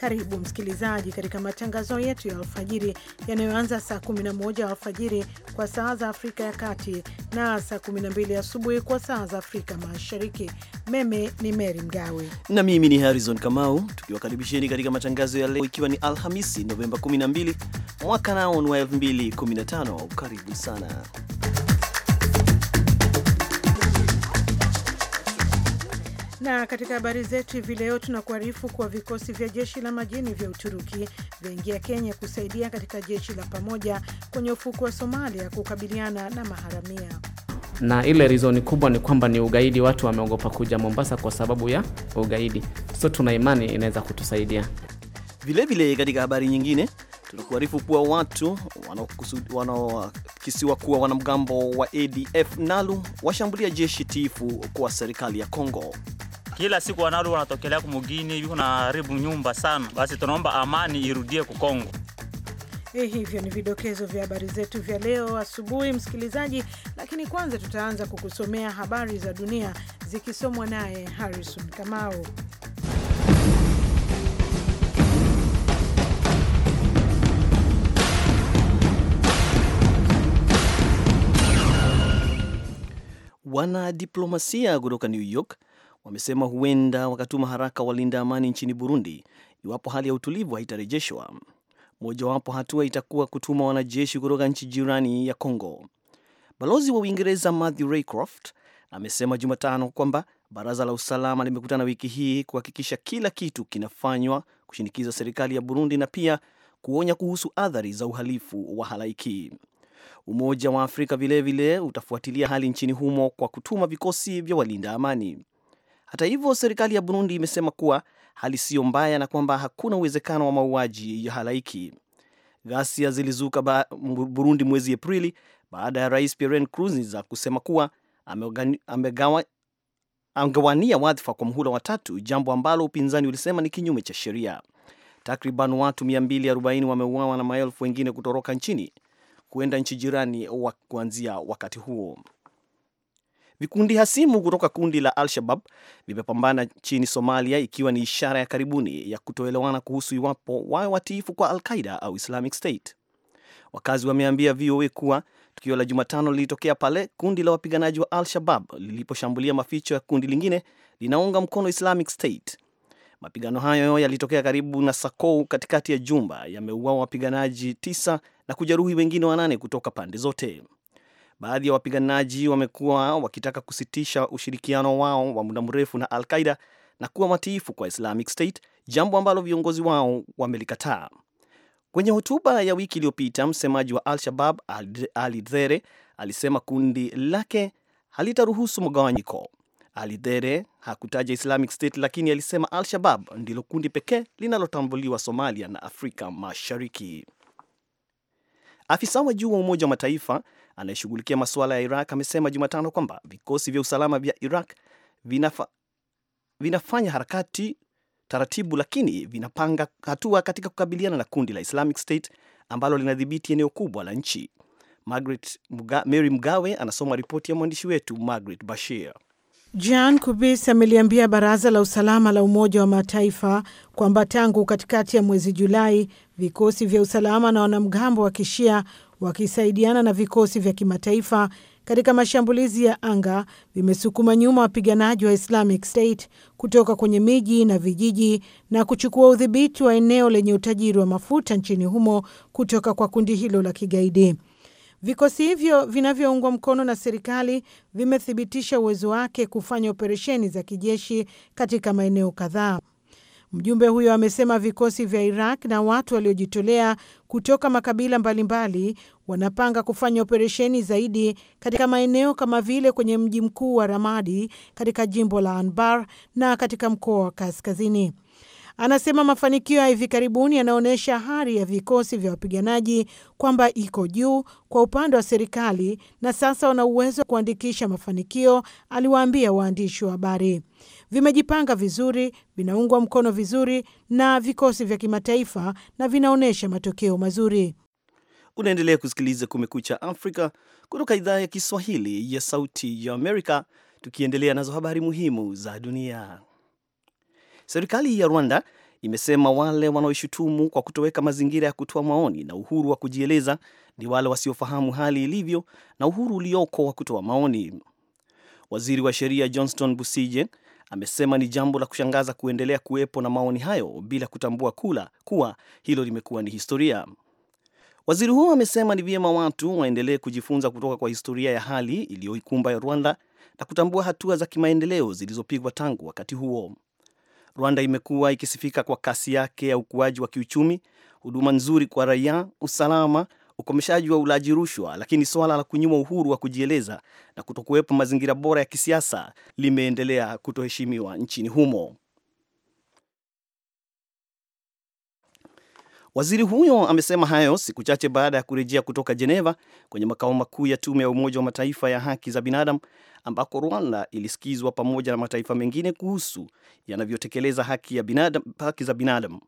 Karibu msikilizaji katika matangazo yetu ya alfajiri yanayoanza saa 11 alfajiri kwa saa za Afrika ya Kati na saa 12 asubuhi kwa saa za Afrika Mashariki. Mimi ni Mary Mgawe na mimi ni Harrison Kamau, tukiwakaribisheni katika matangazo ya leo, ikiwa ni Alhamisi Novemba 12 mwaka ni wa 2015. Karibu sana Na katika habari zetu hivi leo tunakuarifu kuwa vikosi vya jeshi la majini vya Uturuki vyaingia Kenya kusaidia katika jeshi la pamoja kwenye ufuko wa Somalia kukabiliana na maharamia na ile rizoni kubwa ni kwamba ni ugaidi. Watu wameogopa kuja Mombasa kwa sababu ya ugaidi, so tuna imani inaweza kutusaidia vilevile. Katika habari nyingine, tunakuarifu kuwa watu wanaokisiwa kuwa wanamgambo wa ADF NALU washambulia jeshi tiifu kwa serikali ya Kongo kila siku wanaru wanatokelea kumugini na kunaharibu nyumba sana. Basi tunaomba amani irudie kukongo. Hivyo ni vidokezo vya habari zetu vya leo asubuhi, msikilizaji, lakini kwanza tutaanza kukusomea habari za dunia zikisomwa naye Harrison Kamau. Wanadiplomasia kutoka New York wamesema huenda wakatuma haraka walinda amani nchini Burundi iwapo hali ya utulivu haitarejeshwa. Mojawapo hatua itakuwa kutuma wanajeshi kutoka nchi jirani ya Congo. Balozi wa Uingereza Matthew Raycroft amesema Jumatano kwamba baraza la usalama limekutana wiki hii kuhakikisha kila kitu kinafanywa kushinikiza serikali ya Burundi na pia kuonya kuhusu athari za uhalifu wa halaiki. Umoja wa Afrika vilevile vile utafuatilia hali nchini humo kwa kutuma vikosi vya walinda amani. Hata hivyo, serikali ya Burundi imesema kuwa hali siyo mbaya na kwamba hakuna uwezekano wa mauaji ya halaiki. Ghasia zilizuka Burundi mwezi Aprili baada ya rais Pierre Nkurunziza kusema kuwa amegawania wadhifa kwa mhula wa tatu, jambo ambalo upinzani ulisema ni kinyume cha sheria. Takriban watu 240 wameuawa na maelfu wengine kutoroka nchini kuenda nchi jirani wa kuanzia wakati huo. Vikundi hasimu kutoka kundi la Al-Shabab vimepambana nchini Somalia, ikiwa ni ishara ya karibuni ya kutoelewana kuhusu iwapo wawe watiifu kwa Al-Qaida au Islamic State. Wakazi wameambia VOA kuwa tukio la Jumatano lilitokea pale kundi la wapiganaji wa Al-Shabab liliposhambulia maficho ya kundi lingine linaunga mkono Islamic State. Mapigano hayo yalitokea karibu na Sakou katikati ya jumba, yameuawa wapiganaji tisa na kujeruhi wengine wanane kutoka pande zote. Baadhi ya wapiganaji wamekuwa wakitaka kusitisha ushirikiano wao wa muda mrefu na Al-Qaida na kuwa watiifu kwa Islamic State, jambo ambalo viongozi wao wamelikataa. Kwenye hotuba ya wiki iliyopita, msemaji wa Al-Shabab Ali Dhere alisema kundi lake halitaruhusu mgawanyiko. Ali Dhere hakutaja Islamic State, lakini alisema Al-Shabab ndilo kundi pekee linalotambuliwa Somalia na Afrika Mashariki. Afisa wa juu wa Umoja wa Mataifa anayeshughulikia masuala ya Iraq amesema Jumatano kwamba vikosi vya usalama vya Iraq vinafa, vinafanya harakati taratibu, lakini vinapanga hatua katika kukabiliana na kundi la Islamic State ambalo linadhibiti eneo kubwa la nchi. Margaret Mary Mgawe anasoma ripoti ya mwandishi wetu Margaret Bashir. Jan Kubis ameliambia baraza la usalama la Umoja wa Mataifa kwamba tangu katikati ya mwezi Julai, vikosi vya usalama na wanamgambo wa Kishia wakisaidiana na vikosi vya kimataifa katika mashambulizi ya anga vimesukuma nyuma wapiganaji wa Islamic State kutoka kwenye miji na vijiji na kuchukua udhibiti wa eneo lenye utajiri wa mafuta nchini humo kutoka kwa kundi hilo la kigaidi. Vikosi hivyo vinavyoungwa mkono na serikali vimethibitisha uwezo wake kufanya operesheni za kijeshi katika maeneo kadhaa. Mjumbe huyo amesema vikosi vya Iraq na watu waliojitolea kutoka makabila mbalimbali wanapanga kufanya operesheni zaidi katika maeneo kama vile kwenye mji mkuu wa Ramadi katika jimbo la Anbar na katika mkoa wa Kaskazini. Anasema mafanikio ya hivi karibuni yanaonyesha hari ya vikosi vya wapiganaji kwamba iko juu kwa upande wa serikali na sasa wana uwezo wa kuandikisha mafanikio, aliwaambia waandishi wa habari. Vimejipanga vizuri, vinaungwa mkono vizuri na vikosi vya kimataifa na vinaonyesha matokeo mazuri. Unaendelea kusikiliza Kumekucha Afrika kutoka idhaa ya Kiswahili ya Sauti ya Amerika, tukiendelea nazo habari muhimu za dunia. Serikali ya Rwanda imesema wale wanaoishutumu kwa kutoweka mazingira ya kutoa maoni na uhuru wa kujieleza ni wale wasiofahamu hali ilivyo na uhuru ulioko wa kutoa maoni. Waziri wa sheria Johnston Busije amesema ni jambo la kushangaza kuendelea kuwepo na maoni hayo bila kutambua kula kuwa hilo limekuwa ni historia. Waziri huo amesema ni vyema watu waendelee kujifunza kutoka kwa historia ya hali iliyoikumba ya Rwanda na kutambua hatua za kimaendeleo zilizopigwa tangu wakati huo. Rwanda imekuwa ikisifika kwa kasi yake ya ukuaji wa kiuchumi, huduma nzuri kwa raia, usalama, ukomeshaji wa ulaji rushwa, lakini suala la kunyimwa uhuru wa kujieleza na kutokuwepo mazingira bora ya kisiasa limeendelea kutoheshimiwa nchini humo. Waziri huyo amesema hayo siku chache baada ya kurejea kutoka Geneva kwenye makao makuu ya tume ya Umoja wa Mataifa ya haki za binadamu ambako Rwanda ilisikizwa pamoja na mataifa mengine kuhusu yanavyotekeleza haki, ya haki za binadamu.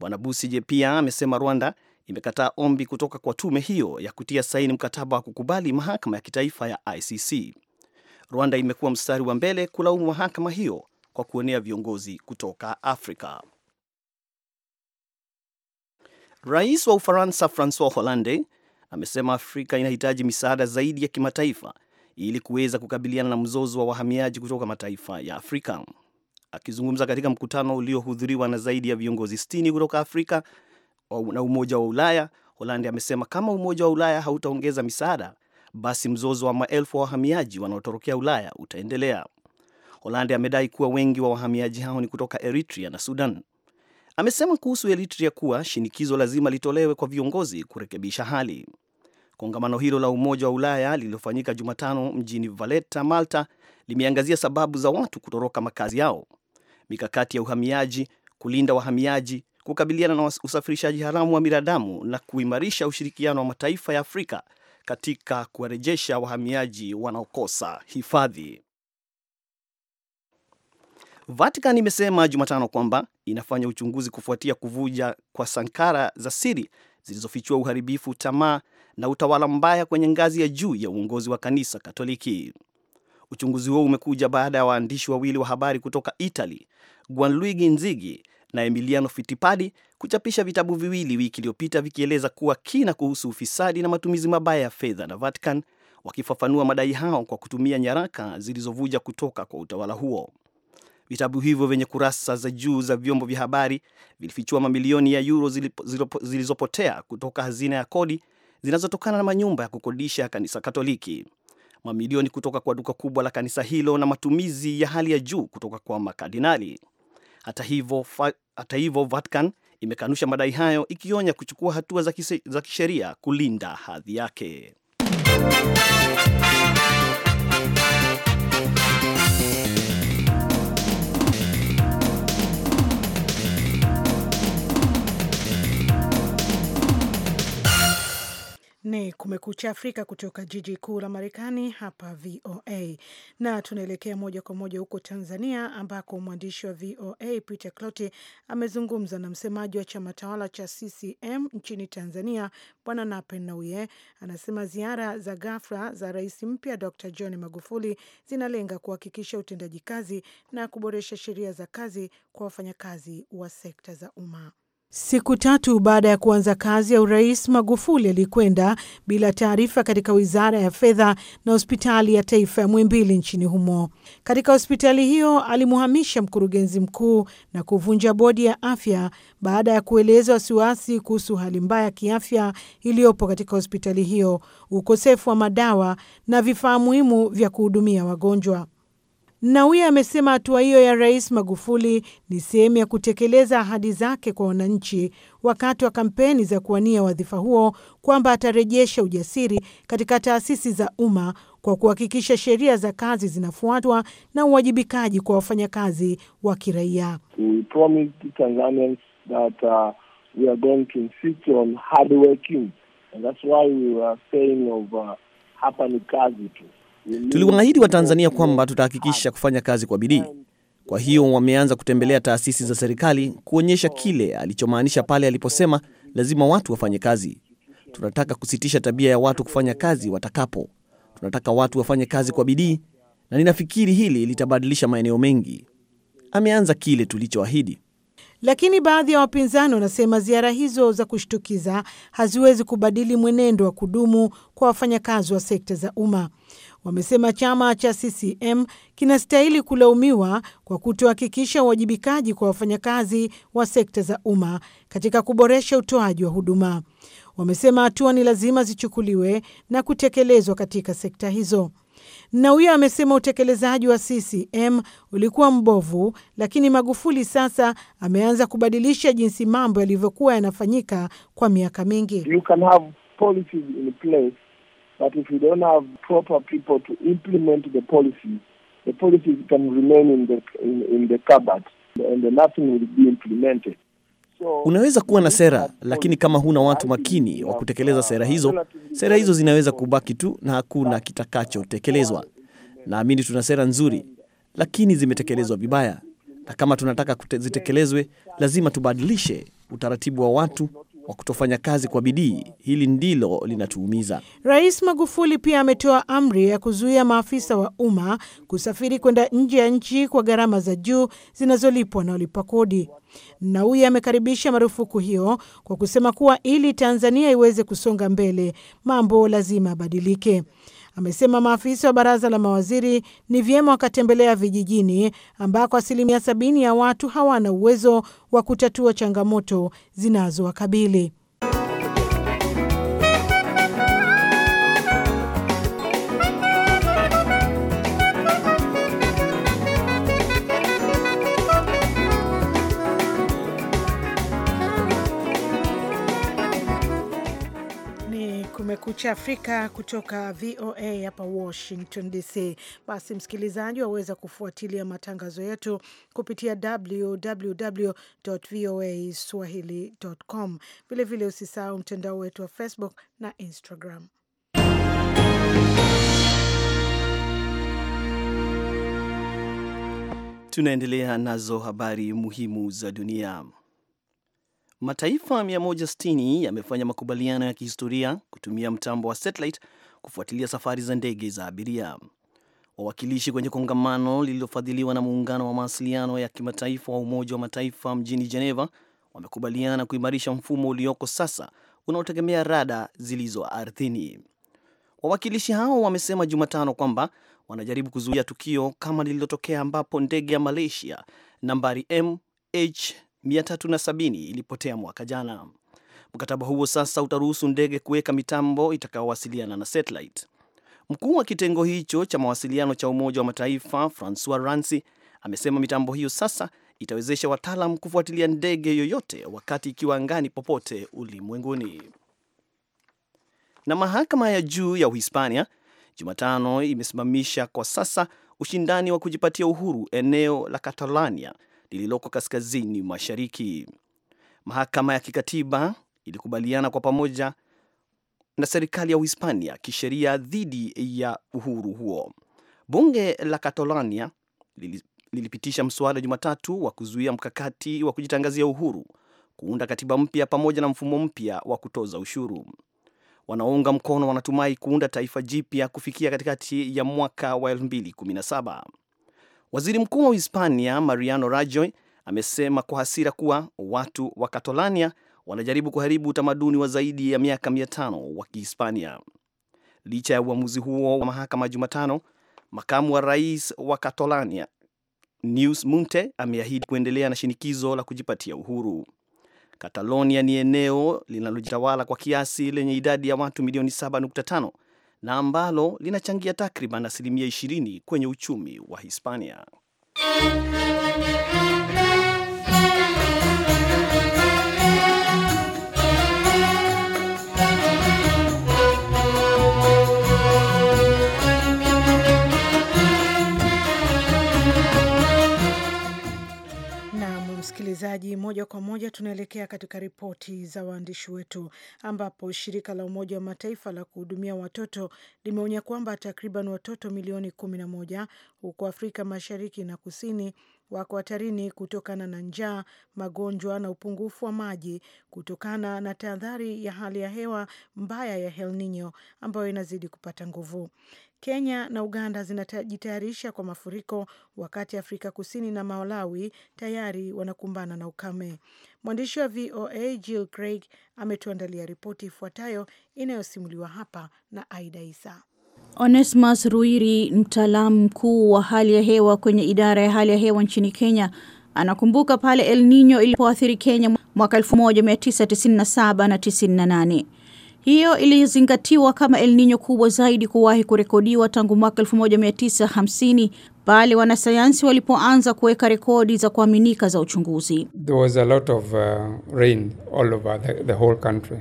Bwana Busije pia amesema Rwanda imekataa ombi kutoka kwa tume hiyo ya kutia saini mkataba wa kukubali mahakama ya kitaifa ya ICC. Rwanda imekuwa mstari wa mbele kulaumu mahakama hiyo kwa kuonea viongozi kutoka Afrika. Rais wa Ufaransa Francois Hollande amesema Afrika inahitaji misaada zaidi ya kimataifa ili kuweza kukabiliana na mzozo wa wahamiaji kutoka mataifa ya Afrika. Akizungumza katika mkutano uliohudhuriwa na zaidi ya viongozi sitini kutoka Afrika na Umoja wa Ulaya, Hollande amesema kama Umoja wa Ulaya hautaongeza misaada, basi mzozo wa maelfu wa wahamiaji wanaotorokea Ulaya utaendelea. Hollande amedai kuwa wengi wa wahamiaji hao ni kutoka Eritrea na Sudan. Amesema kuhusu Eritrea kuwa shinikizo lazima litolewe kwa viongozi kurekebisha hali. Kongamano hilo la Umoja wa Ulaya lililofanyika Jumatano mjini Valetta, Malta, limeangazia sababu za watu kutoroka makazi yao, mikakati ya uhamiaji, kulinda wahamiaji, kukabiliana na usafirishaji haramu wa binadamu na kuimarisha ushirikiano wa mataifa ya Afrika katika kuwarejesha wahamiaji wanaokosa hifadhi. Vatican imesema Jumatano kwamba inafanya uchunguzi kufuatia kuvuja kwa sankara za siri zilizofichua uharibifu, tamaa na utawala mbaya kwenye ngazi ya juu ya uongozi wa kanisa Katoliki. Uchunguzi huo umekuja baada ya waandishi wawili wa habari kutoka Italy, guanluigi nzigi na Emiliano Fittipaldi kuchapisha vitabu viwili wiki iliyopita vikieleza kuwa kina kuhusu ufisadi na matumizi mabaya ya fedha na Vatican, wakifafanua madai hao kwa kutumia nyaraka zilizovuja kutoka kwa utawala huo. Vitabu hivyo vyenye kurasa za juu za vyombo vya habari vilifichua mamilioni ya yuro zilizopotea kutoka hazina ya kodi zinazotokana na manyumba ya kukodisha ya kanisa Katoliki, mamilioni kutoka kwa duka kubwa la kanisa hilo na matumizi ya hali ya juu kutoka kwa makardinali. Hata hivyo, hata hivyo Vatican imekanusha madai hayo, ikionya kuchukua hatua za kisheria kulinda hadhi yake. Ni Kumekucha Afrika kutoka jiji kuu la Marekani, hapa VOA, na tunaelekea moja kwa moja huko Tanzania, ambako mwandishi wa VOA Peter cloti amezungumza na msemaji wa chama tawala cha CCM nchini Tanzania, Bwana Nape Nnauye. Anasema ziara za ghafla za rais mpya Dr John Magufuli zinalenga kuhakikisha utendaji kazi na kuboresha sheria za kazi kwa wafanyakazi wa sekta za umma. Siku tatu baada ya kuanza kazi ya urais, Magufuli alikwenda bila taarifa katika wizara ya fedha na hospitali ya taifa ya Muhimbili nchini humo. Katika hospitali hiyo alimuhamisha mkurugenzi mkuu na kuvunja bodi ya afya baada ya kueleza wasiwasi kuhusu hali mbaya ya kiafya iliyopo katika hospitali hiyo, ukosefu wa madawa na vifaa muhimu vya kuhudumia wagonjwa. Nnauye amesema hatua hiyo ya Rais Magufuli ni sehemu ya kutekeleza ahadi zake kwa wananchi wakati wa kampeni za kuwania wadhifa huo kwamba atarejesha ujasiri katika taasisi za umma kwa kuhakikisha sheria za kazi zinafuatwa na uwajibikaji kwa wafanyakazi wa kiraia. Uh, uh, hapa ni kazi tu. Tuliwaahidi Watanzania kwamba tutahakikisha kufanya kazi kwa bidii. Kwa hiyo wameanza kutembelea taasisi za serikali kuonyesha kile alichomaanisha pale aliposema lazima watu wafanye kazi. Tunataka kusitisha tabia ya watu kufanya kazi watakapo. Tunataka watu wafanye kazi kwa bidii, na ninafikiri hili litabadilisha maeneo mengi. Ameanza kile tulichoahidi. Lakini baadhi ya wapinzani wanasema ziara hizo za kushtukiza haziwezi kubadili mwenendo wa kudumu kwa wafanyakazi wa sekta za umma wamesema chama cha CCM kinastahili kulaumiwa kwa kutohakikisha uwajibikaji kwa wafanyakazi wa sekta za umma katika kuboresha utoaji wa huduma. Wamesema hatua ni lazima zichukuliwe na kutekelezwa katika sekta hizo. Na huyo amesema utekelezaji wa CCM ulikuwa mbovu, lakini Magufuli sasa ameanza kubadilisha jinsi mambo yalivyokuwa yanafanyika kwa miaka mingi. You can have policies in place But if you don't have proper people to implement the policies, the policies can remain in the, in, in the cupboard and nothing will be implemented. unaweza kuwa na sera lakini kama huna watu makini wa kutekeleza sera uh, hizo, sera hizo zinaweza kubaki tu na hakuna kitakachotekelezwa. Naamini tuna sera nzuri, lakini zimetekelezwa vibaya, na kama tunataka zitekelezwe, lazima tubadilishe utaratibu wa watu wa kutofanya kazi kwa bidii. Hili ndilo linatuumiza. Rais Magufuli pia ametoa amri ya kuzuia maafisa wa umma kusafiri kwenda nje ya nchi kwa gharama za juu zinazolipwa na walipa kodi. Mnauye amekaribisha marufuku hiyo kwa kusema kuwa ili Tanzania iweze kusonga mbele, mambo lazima yabadilike amesema maafisa wa baraza la mawaziri ni vyema wakatembelea vijijini ambako asilimia sabini ya watu hawana uwezo wa kutatua changamoto zinazowakabili. Kumekucha Afrika kutoka VOA hapa Washington DC. Basi msikilizaji, waweza kufuatilia matangazo yetu kupitia www voa swahili.com. Vilevile usisahau mtandao wetu wa Facebook na Instagram. Tunaendelea nazo habari muhimu za dunia. Mataifa 160 yamefanya makubaliano ya kihistoria kutumia mtambo wa satellite kufuatilia safari za ndege za abiria. Wawakilishi kwenye kongamano lililofadhiliwa na muungano wa mawasiliano ya kimataifa wa Umoja wa Mataifa mjini Geneva wamekubaliana kuimarisha mfumo ulioko sasa unaotegemea rada zilizo ardhini. Wawakilishi hao wamesema Jumatano kwamba wanajaribu kuzuia tukio kama lililotokea ambapo ndege ya Malaysia nambari MH 370 ilipotea mwaka jana. Mkataba huo sasa utaruhusu ndege kuweka mitambo itakayowasiliana na satellite. Mkuu wa kitengo hicho cha mawasiliano cha Umoja wa Mataifa Francois Ransi amesema mitambo hiyo sasa itawezesha wataalam kufuatilia ndege yoyote wakati ikiwa angani popote ulimwenguni. Na mahakama ya juu ya Uhispania Jumatano imesimamisha kwa sasa ushindani wa kujipatia uhuru eneo la catalonia lililoko kaskazini mashariki. Mahakama ya kikatiba ilikubaliana kwa pamoja na serikali ya Uhispania kisheria dhidi ya uhuru huo. Bunge la Catalonia lilipitisha mswada Jumatatu wa kuzuia mkakati wa kujitangazia uhuru, kuunda katiba mpya pamoja na mfumo mpya wa kutoza ushuru. Wanaounga mkono wanatumai kuunda taifa jipya kufikia katikati ya mwaka wa 2017. Waziri Mkuu wa Hispania Mariano Rajoy amesema kwa hasira kuwa watu wa Katolania wanajaribu kuharibu utamaduni wa zaidi ya miaka mia tano wa Kihispania. Licha ya uamuzi huo wa mahakama Jumatano, makamu wa rais wa Katolania Neus Munte ameahidi kuendelea na shinikizo la kujipatia uhuru. Katalonia ni eneo linalojitawala kwa kiasi lenye idadi ya watu milioni 7.5 na ambalo linachangia takriban asilimia 20 kwenye uchumi wa Hispania. Msikilizaji, moja kwa moja tunaelekea katika ripoti za waandishi wetu, ambapo shirika la Umoja wa Mataifa la kuhudumia watoto limeonya kwamba takriban watoto milioni kumi na moja huko Afrika Mashariki na Kusini wako hatarini kutokana na njaa, magonjwa na upungufu wa maji kutokana na tahadhari ya hali ya hewa mbaya ya El Nino ambayo inazidi kupata nguvu. Kenya na Uganda zinajitayarisha kwa mafuriko, wakati Afrika Kusini na Malawi tayari wanakumbana na ukame. Mwandishi wa VOA Jill Craig ametuandalia ripoti ifuatayo inayosimuliwa hapa na Aida Isa. Onesmus Ruiri, mtaalamu mkuu wa hali ya hewa kwenye idara ya hali ya hewa nchini Kenya, anakumbuka pale El Nino ilipoathiri Kenya mwaka 1997 na 98. Hiyo ilizingatiwa kama El Nino kubwa zaidi kuwahi kurekodiwa tangu mwaka 1950 pale wanasayansi walipoanza kuweka rekodi za kuaminika za uchunguzi. There was a lot of uh, rain all over the, the whole country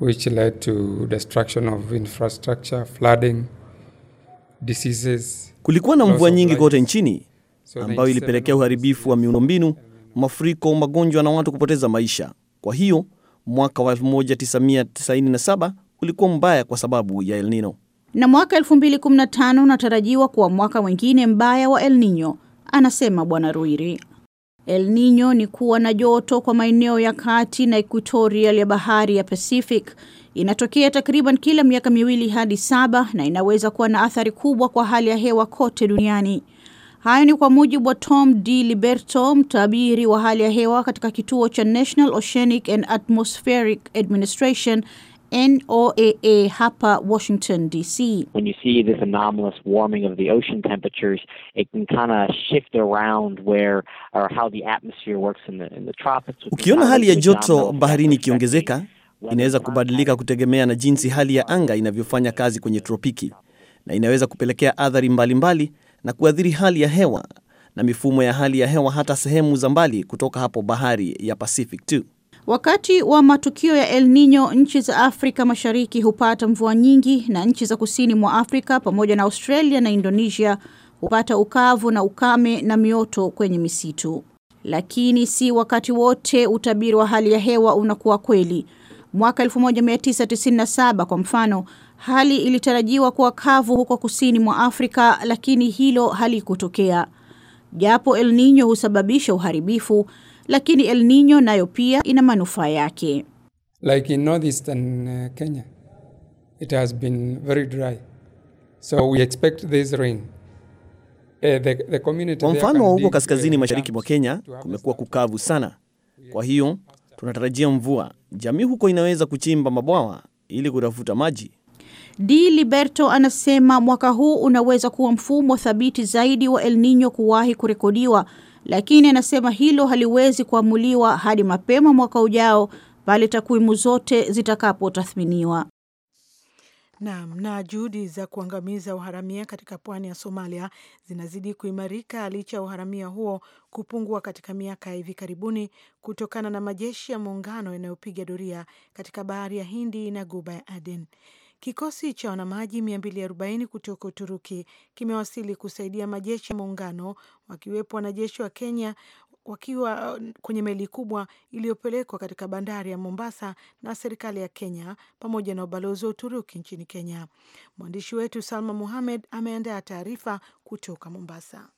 which led to destruction of infrastructure, flooding, diseases. Kulikuwa na mvua nyingi kote nchini ambayo ilipelekea uharibifu wa miundombinu, mafuriko, magonjwa na watu kupoteza maisha. Kwa hiyo mwaka wa 1997 ulikuwa mbaya kwa sababu ya El Nino na mwaka 2015 unatarajiwa kuwa mwaka mwingine mbaya wa El Nino, anasema Bwana Ruiri. El Nino ni kuwa na joto kwa maeneo ya kati na equatorial ya bahari ya Pacific. Inatokea takriban kila miaka miwili hadi saba na inaweza kuwa na athari kubwa kwa hali ya hewa kote duniani. Hayo ni kwa mujibu wa Tom D Liberto, mtabiri wa hali ya hewa katika kituo cha National Oceanic and Atmospheric Administration NOAA hapa Washington DC. When you see this anomalous warming of the ocean temperatures, it can kind of shift around where or how the atmosphere works in the, in the tropics. Ukiona hali ya joto baharini ikiongezeka, inaweza kubadilika kutegemea na jinsi hali ya anga inavyofanya kazi kwenye tropiki na inaweza kupelekea athari mbalimbali mbali, na kuathiri hali ya hewa na mifumo ya hali ya hewa hata sehemu za mbali kutoka hapo bahari ya Pacific tu. Wakati wa matukio ya El Nino, nchi za Afrika Mashariki hupata mvua nyingi na nchi za kusini mwa Afrika pamoja na Australia na Indonesia hupata ukavu na ukame na mioto kwenye misitu. Lakini si wakati wote utabiri wa hali ya hewa unakuwa kweli. Mwaka 1997 kwa mfano, Hali ilitarajiwa kuwa kavu huko kusini mwa Afrika lakini hilo halikutokea. Japo El Nino husababisha uharibifu, lakini El Nino nayo pia ina manufaa yake. Like in northeastern uh, Kenya, it has been very dry. So we expect this rain. Uh, kwa mfano huko kaskazini mashariki mwa Kenya kumekuwa kukavu sana, kwa hiyo tunatarajia mvua. Jamii huko inaweza kuchimba mabwawa ili kutafuta maji. Di Liberto anasema mwaka huu unaweza kuwa mfumo thabiti zaidi wa El Nino kuwahi kurekodiwa, lakini anasema hilo haliwezi kuamuliwa hadi mapema mwaka ujao pale takwimu zote zitakapotathminiwa. Naam, na juhudi za kuangamiza uharamia katika pwani ya Somalia zinazidi kuimarika licha ya uharamia huo kupungua katika miaka ya hivi karibuni kutokana na majeshi ya muungano yanayopiga doria katika bahari ya Hindi na Guba ya Aden. Kikosi cha wanamaji 240 kutoka Uturuki kimewasili kusaidia majeshi ya muungano, wakiwepo wanajeshi wa Kenya wakiwa uh, kwenye meli kubwa iliyopelekwa katika bandari ya Mombasa na serikali ya Kenya pamoja na ubalozi wa Uturuki nchini Kenya. Mwandishi wetu Salma Muhamed ameandaa taarifa kutoka Mombasa.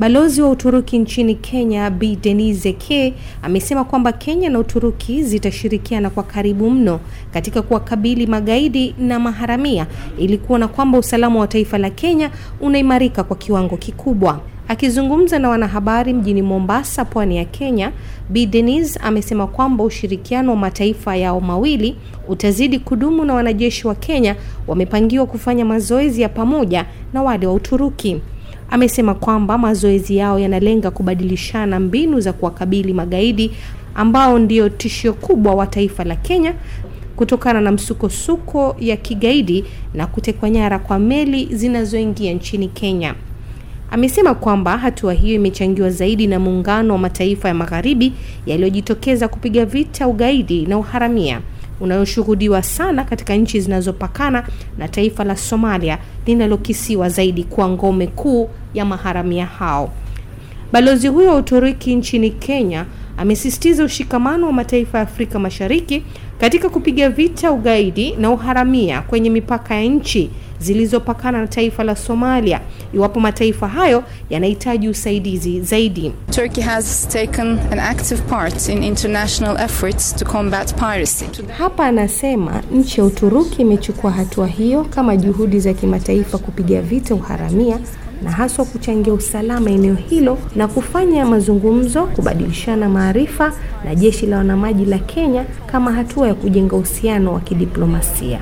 Balozi wa Uturuki nchini Kenya b Denise K amesema kwamba Kenya na Uturuki zitashirikiana kwa karibu mno katika kuwakabili magaidi na maharamia ili kuona kwamba usalama wa taifa la Kenya unaimarika kwa kiwango kikubwa. Akizungumza na wanahabari mjini Mombasa, pwani ya Kenya, b Denise amesema kwamba ushirikiano wa mataifa yao mawili utazidi kudumu na wanajeshi wa Kenya wamepangiwa kufanya mazoezi ya pamoja na wale wa Uturuki amesema kwamba mazoezi yao yanalenga kubadilishana mbinu za kuwakabili magaidi ambao ndio tishio kubwa wa taifa la Kenya kutokana na msukosuko ya kigaidi na kutekwa nyara kwa meli zinazoingia nchini Kenya. Amesema kwamba hatua hiyo imechangiwa zaidi na muungano wa mataifa ya magharibi yaliyojitokeza kupiga vita ugaidi na uharamia unayoshuhudiwa sana katika nchi zinazopakana na taifa la Somalia linalokisiwa zaidi kuwa ngome kuu ya maharamia hao. Balozi huyo wa Uturuki nchini Kenya amesisitiza ushikamano wa mataifa ya Afrika Mashariki katika kupiga vita ugaidi na uharamia kwenye mipaka ya nchi zilizopakana na taifa la Somalia iwapo mataifa hayo yanahitaji usaidizi zaidi. Turkey has taken an active part in international efforts to combat piracy. Hapa anasema nchi ya Uturuki imechukua hatua hiyo kama juhudi za kimataifa kupiga vita uharamia na haswa kuchangia usalama eneo hilo na kufanya mazungumzo, kubadilishana maarifa na jeshi la wanamaji la Kenya kama hatua ya kujenga uhusiano wa kidiplomasia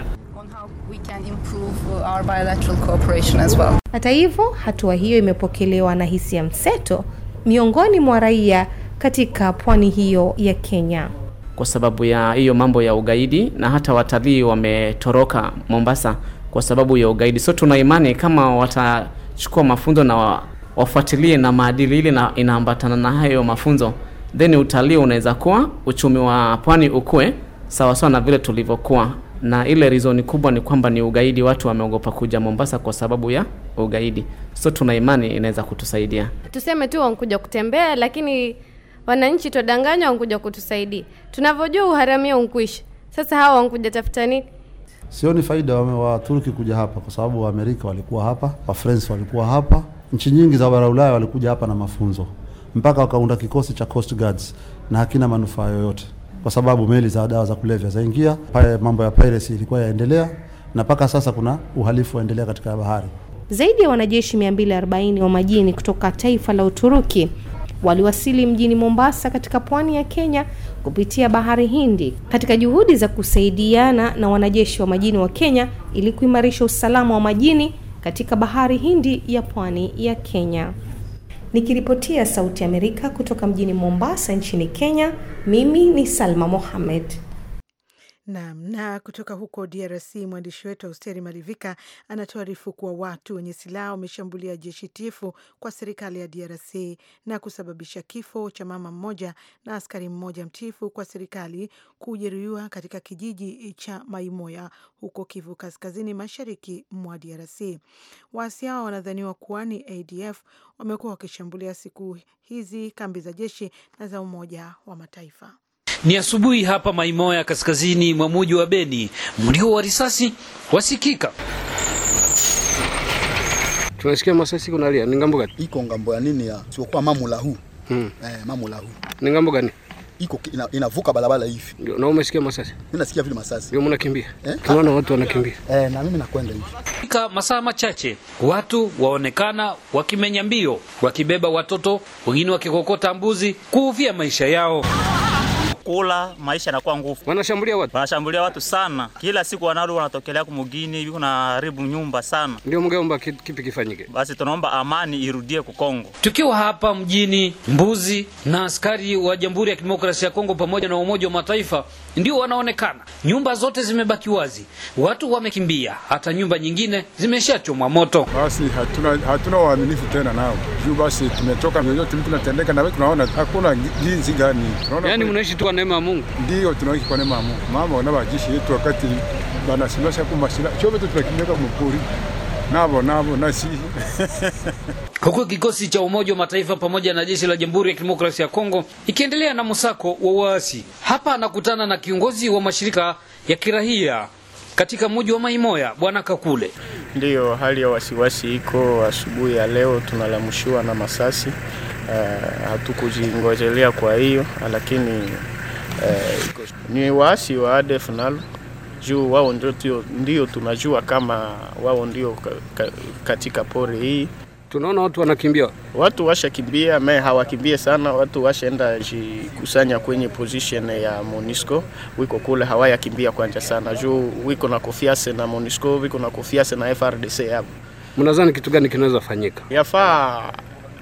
our bilateral cooperation as well. Hata hivyo, hatua hiyo imepokelewa na hisia mseto miongoni mwa raia katika pwani hiyo ya Kenya kwa sababu ya hiyo mambo ya ugaidi, na hata watalii wametoroka Mombasa kwa sababu ya ugaidi. So tuna imani kama watachukua mafunzo na wa, wafuatilie na maadili ile na inaambatana na hayo mafunzo, then utalii unaweza kuwa, uchumi wa pwani ukue sawasawa na vile tulivyokuwa na ile reason kubwa ni kwamba ni ugaidi. Watu wameogopa kuja Mombasa kwa sababu ya ugaidi, so tuna imani inaweza kutusaidia. Tuseme tu wankuja kutembea, lakini wananchi twadanganywa, wankuja kutusaidia. Tunavyojua uharamia unkuisha, sasa hawa wankuja tafuta nini? Sioni faida Waturki kuja hapa kwa sababu Waamerika walikuwa hapa, Wafrensi walikuwa hapa, nchi nyingi za bara Ulaya walikuja hapa na mafunzo, mpaka wakaunda kikosi cha Coast Guards na hakina manufaa yoyote kwa sababu meli za dawa za kulevya zaingia pale, mambo ya piracy ilikuwa yaendelea na mpaka sasa kuna uhalifu waendelea katika bahari. Zaidi ya wanajeshi 240 wa majini kutoka taifa la Uturuki waliwasili mjini Mombasa katika pwani ya Kenya kupitia bahari Hindi katika juhudi za kusaidiana na wanajeshi wa majini wa Kenya ili kuimarisha usalama wa majini katika bahari Hindi ya pwani ya Kenya. Nikiripotia Sauti Amerika kutoka mjini Mombasa nchini Kenya, mimi ni Salma Mohamed. Naam, na kutoka huko DRC mwandishi wetu Austeri Malivika anatuarifu kuwa watu wenye silaha wameshambulia jeshi tifu kwa serikali ya DRC na kusababisha kifo cha mama mmoja na askari mmoja mtifu kwa serikali kujeruhiwa katika kijiji cha Maimoya huko Kivu kaskazini mashariki mwa DRC. Waasi hao wanadhaniwa kuwa ni ADF, wamekuwa wakishambulia siku hizi kambi za jeshi na za Umoja wa Mataifa. Ni asubuhi hapa Maimoya, kaskazini mwa mji wa Beni, mlio wa risasi wasikika. Tunasikia masasi kuna kunalia. Ni ngambo gani? Iko ngambo ya nini ya sio kwa mamula huu. Hmm. Eh, mamula huu. Ni ngambo gani? Iko ina, inavuka barabara hivi. Ndio, na umesikia masasi? Mimi nasikia vile masasi. Ndio mnakimbia. Eh? Tunaona watu wanakimbia. Eh, na mimi nakwenda hivi. Katika masaa machache watu waonekana wakimenya mbio, wakibeba watoto, wengine wakikokota mbuzi kuhofia maisha yao kula, maisha yanakuwa nguvu. Wanashambulia watu, wanashambulia watu sana, kila siku wanalo, wanatokelea kumugini hivi, kuna haribu nyumba sana. Ndio mgeomba kipi kifanyike? Basi tunaomba amani irudie ku Kongo. Tukiwa hapa mjini Mbuzi na askari wa Jamhuri ya Kidemokrasia ya Kongo pamoja na Umoja wa Mataifa ndio wanaonekana. Nyumba zote zimebaki wazi, watu wamekimbia, hata nyumba nyingine zimeshachomwa moto. Basi hatuna, hatuna uaminifu tena nao juu, basi tumetoka vyote tunatendeka na wewe, tunaona hakuna jinsi gani. Yani mnaishi tu kwa neema ya Mungu, ndio tunaishi kwa neema ya Mungu. Mama wana yetu wakati banasimasa kumasila chote kwa mpuri navo navo nasihi huku kikosi cha Umoja wa Mataifa pamoja na jeshi la Jamhuri ya Kidemokrasia ya Kongo ikiendelea na msako wa waasi. Hapa anakutana na kiongozi wa mashirika ya kirahia katika mji wa Maimoya, Bwana Kakule. Ndiyo, hali ya wasiwasi iko. Asubuhi ya leo tunalamushiwa na masasi uh, hatukujingojelea kwa hiyo, lakini uh, ni waasi wa ADF nalo juu wao ndio, ndio tunajua kama wao ndio katika pori hii. Tunaona watu wanakimbia, watu washakimbia, me hawakimbie sana, watu washaenda jikusanya kwenye position ya Monisco, wiko kule, hawayakimbia kwanja sana juu wiko na kofiase na Monisco, wiko na kofiase na FRDC hapo. Mnadhani kitu gani kinaweza fanyika? Yafaa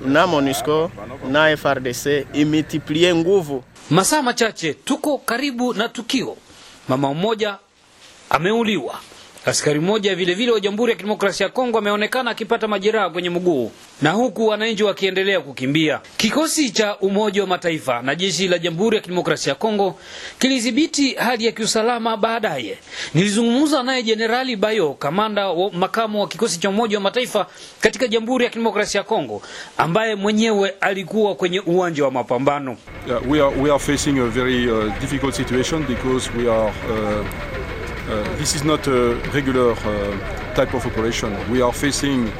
na Monisco na FRDC imitiplie nguvu. Masaa machache tuko karibu na tukio, mama mmoja ameuliwa. Askari mmoja vile vile wa Jamhuri ya Kidemokrasia ya Kongo ameonekana akipata majeraha kwenye mguu, na huku wananchi wakiendelea kukimbia. Kikosi cha Umoja wa Mataifa na jeshi la Jamhuri ya Kidemokrasia ya Kongo kilidhibiti hali ya kiusalama baadaye. Nilizungumza naye Jenerali Bayo, kamanda wa makamu wa kikosi cha Umoja wa Mataifa katika Jamhuri ya Kidemokrasia ya Kongo, ambaye mwenyewe alikuwa kwenye uwanja wa mapambano. Yeah, we are, we are facing a very uh, difficult situation because we are uh uh, this is not a regular uh, type of operation. We are facing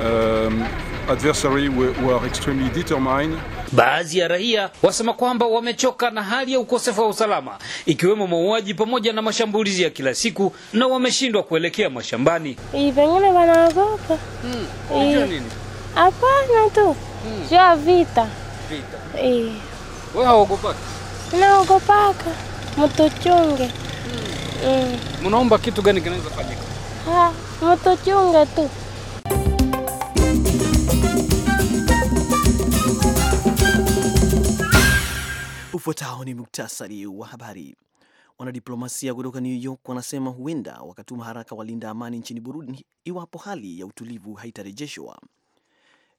um, adversary who are extremely determined. Baadhi ya raia wasema kwamba wamechoka na hali ya ukosefu wa usalama ikiwemo mauaji pamoja na mashambulizi ya kila siku na wameshindwa kuelekea mashambani. Hii pengine wanaogopa. Hmm. Hapana tu. Hmm. vita. Vita. Eh. Wewe haogopaki? Naogopaka. Mtuchunge. Mm. kitu gani kinaweza fanyika? Ah, chunga tu. Ufuatao ni muktasari wa habari. Wanadiplomasia kutoka New York wanasema huenda wakatuma haraka walinda amani nchini Burundi iwapo hali ya utulivu haitarejeshwa.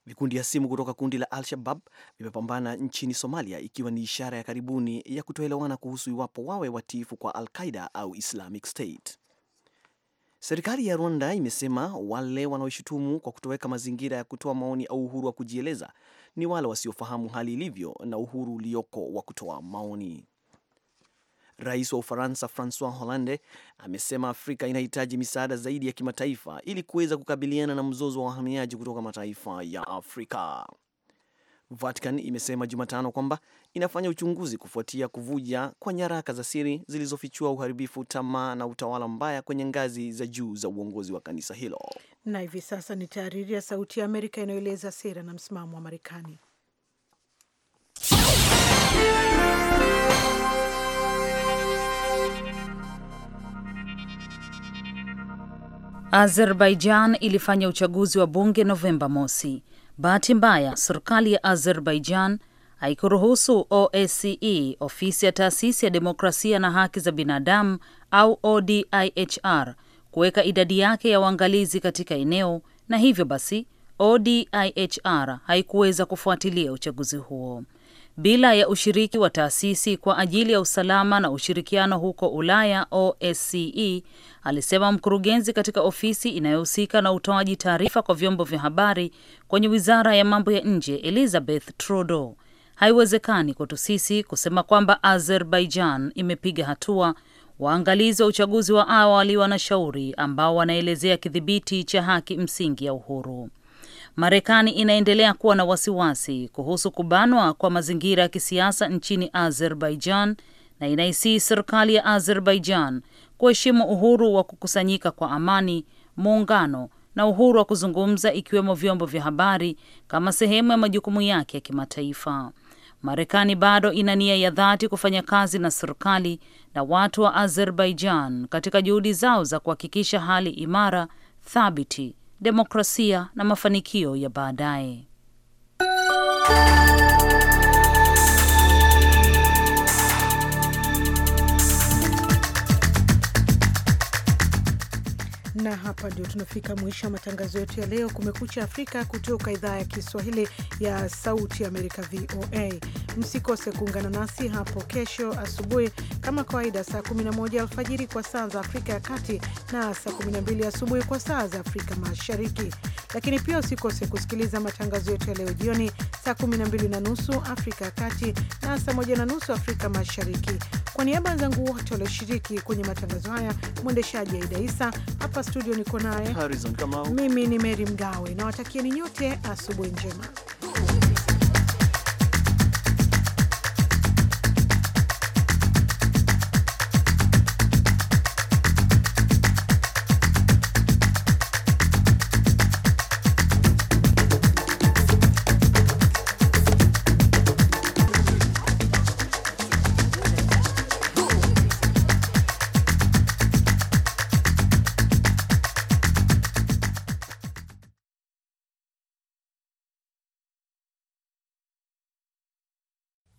Vikundi ya simu kutoka kundi la Al-Shabab vimepambana nchini Somalia, ikiwa ni ishara ya karibuni ya kutoelewana kuhusu iwapo wawe watiifu kwa Al-Qaida au Islamic State. Serikali ya Rwanda imesema wale wanaoshutumu kwa kutoweka mazingira ya kutoa maoni au uhuru wa kujieleza ni wale wasiofahamu hali ilivyo na uhuru ulioko wa kutoa maoni. Rais wa Ufaransa Francois Hollande amesema Afrika inahitaji misaada zaidi ya kimataifa ili kuweza kukabiliana na mzozo wa wahamiaji kutoka mataifa ya Afrika. Vatican imesema Jumatano kwamba inafanya uchunguzi kufuatia kuvuja kwa nyaraka za siri zilizofichua uharibifu, tamaa na utawala mbaya kwenye ngazi za juu za uongozi wa kanisa hilo. Na hivi sasa ni tahariri ya Sauti ya Amerika inayoeleza sera na msimamo wa Marekani. Azerbaijan ilifanya uchaguzi wa bunge Novemba mosi. Bahati mbaya, serikali ya Azerbaijan haikuruhusu OSCE, ofisi ya taasisi ya demokrasia na haki za binadamu au ODIHR, kuweka idadi yake ya uangalizi katika eneo, na hivyo basi ODIHR haikuweza kufuatilia uchaguzi huo bila ya ushiriki wa taasisi kwa ajili ya usalama na ushirikiano huko Ulaya OSCE, alisema mkurugenzi katika ofisi inayohusika na utoaji taarifa kwa vyombo vya habari kwenye Wizara ya Mambo ya Nje Elizabeth Trudeau. Haiwezekani kwetu sisi kusema kwamba Azerbaijan imepiga hatua. Waangalizi wa uchaguzi wa awali wanashauri ambao wanaelezea kidhibiti cha haki msingi ya uhuru. Marekani inaendelea kuwa na wasiwasi kuhusu kubanwa kwa mazingira ya kisiasa nchini Azerbaijan na inaisii serikali ya Azerbaijan kuheshimu uhuru wa kukusanyika kwa amani, muungano na uhuru wa kuzungumza ikiwemo vyombo vya habari kama sehemu ya majukumu yake ya kimataifa. Marekani bado ina nia ya dhati kufanya kazi na serikali na watu wa Azerbaijan katika juhudi zao za kuhakikisha hali imara, thabiti demokrasia na mafanikio ya baadaye. hapa ndio tunafika mwisho wa matangazo yetu ya leo, Kumekucha Afrika, kutoka idhaa ya Kiswahili ya Sauti Amerika, VOA. Msikose kuungana nasi hapo kesho asubuhi kama kawaida, saa 11 alfajiri kwa saa za Afrika ya Kati na saa 12 asubuhi kwa saa za Afrika Mashariki lakini pia usikose kusikiliza matangazo yetu ya leo jioni saa 12 na nusu Afrika ya Kati na saa 1 na nusu Afrika Mashariki. Kwa niaba wenzangu wote walioshiriki kwenye matangazo haya, mwendeshaji Aida Isa hapa studio, niko naye mimi ni Meri Mgawe, nawatakieni nyote asubuhi njema.